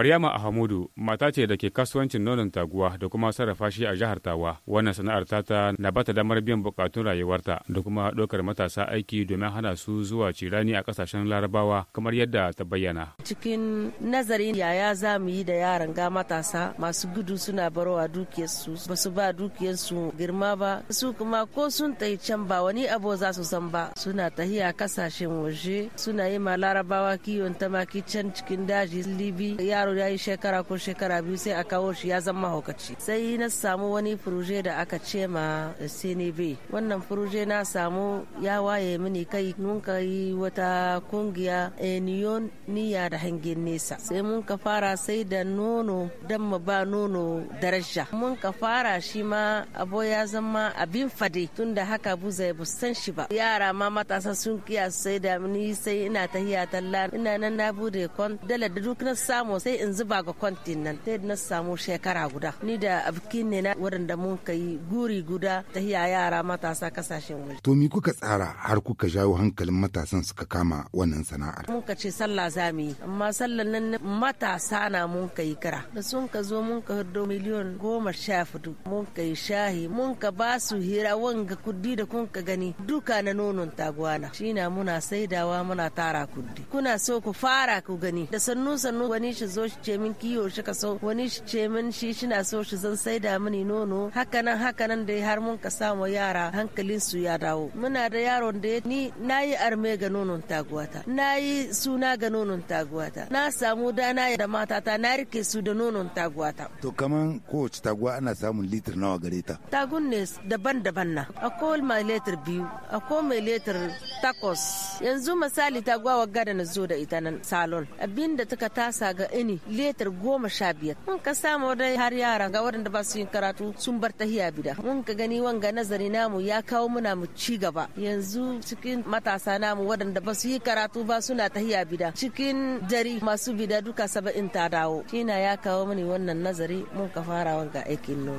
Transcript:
Maryama Ahamudu mata ce da ke kasuwancin nonon taguwa da kuma sarrafa shi a jihar Tawa. Wannan sana'ar ta na bata damar biyan bukatun rayuwarta da kuma ɗaukar matasa aiki domin hana su zuwa cirani a kasashen Larabawa kamar yadda ta bayyana. Cikin nazarin yaya za mu yi da yaran ga matasa masu gudu suna barowa dukiyarsu ba su ba dukiyarsu girma ba su kuma ko sun tai can ba wani abu za su san ba suna tahiya kasashen waje suna yi ma Larabawa kiwon tamaki can cikin daji Libi yaro ya yi shekara ko shekara biyu sai a kawo shi ya zama haukaci sai na samu wani furuje da aka ce ma cnb wannan furuje na samu ya waye mini kai mun ka yi wata kungiya eniyon eh, niya da hangen nesa sai mun ka fara sai da nono dan mu ba nono daraja mun ka fara shi ma abo ya zama abin fade tun da haka buza ya busan shi ba yara ma matasa sun kiya sai da ni sai ina tahiya talla ina nan na bude kwan dala da duk na samu sai in zuba ga kwantin nan ta na samu shekara guda ni da abkin ne na waɗanda mun kai guri guda ta hiya yara matasa kasashen waje to mi kuka tsara har kuka jawo hankalin matasan suka kama wannan sana'ar mun ka ce sallah za mu yi amma sallan nan matasa na mun kai kira da sun ka zo mun ka hudu miliyon goma sha fudu mun kai shahi mun ka ba su hira wanga kuddi da kun ka gani duka na nonon taguwana shina muna saidawa muna tara kuddi kuna so ku fara ku gani da sannu sannu wani shi zo so shi ce min kiyo shi ka so wani shi ce min shi shina so shi zan saida mini nono hakanan hakanan dai har mun ka samu yara hankalin su ya dawo muna da yaron da ni nayi arme ga nonon taguwata nayi suna ga nonon taguwata na samu dana da matata na rike su da nonon taguwata to kaman kowace taguwa ana samun litir nawa gare ta ne daban-daban na akwai mai litir biyu akwai mai litir takwas yanzu misali ta gwawa gada na zo da ita nan salon abinda da taka tasa ga ini letar goma sha biyar mun ka samu dai har yara ga waɗanda ba su yin karatu sun bar ta tahiya bida mun ka gani wanga nazari namu ya kawo muna mu ci gaba yanzu cikin matasa namu waɗanda ba su yi karatu ba suna ta tahiya bida cikin dari masu bida duka saba'in ta dawo shina ya kawo mani wannan nazari mun ka fara wanga aikin noma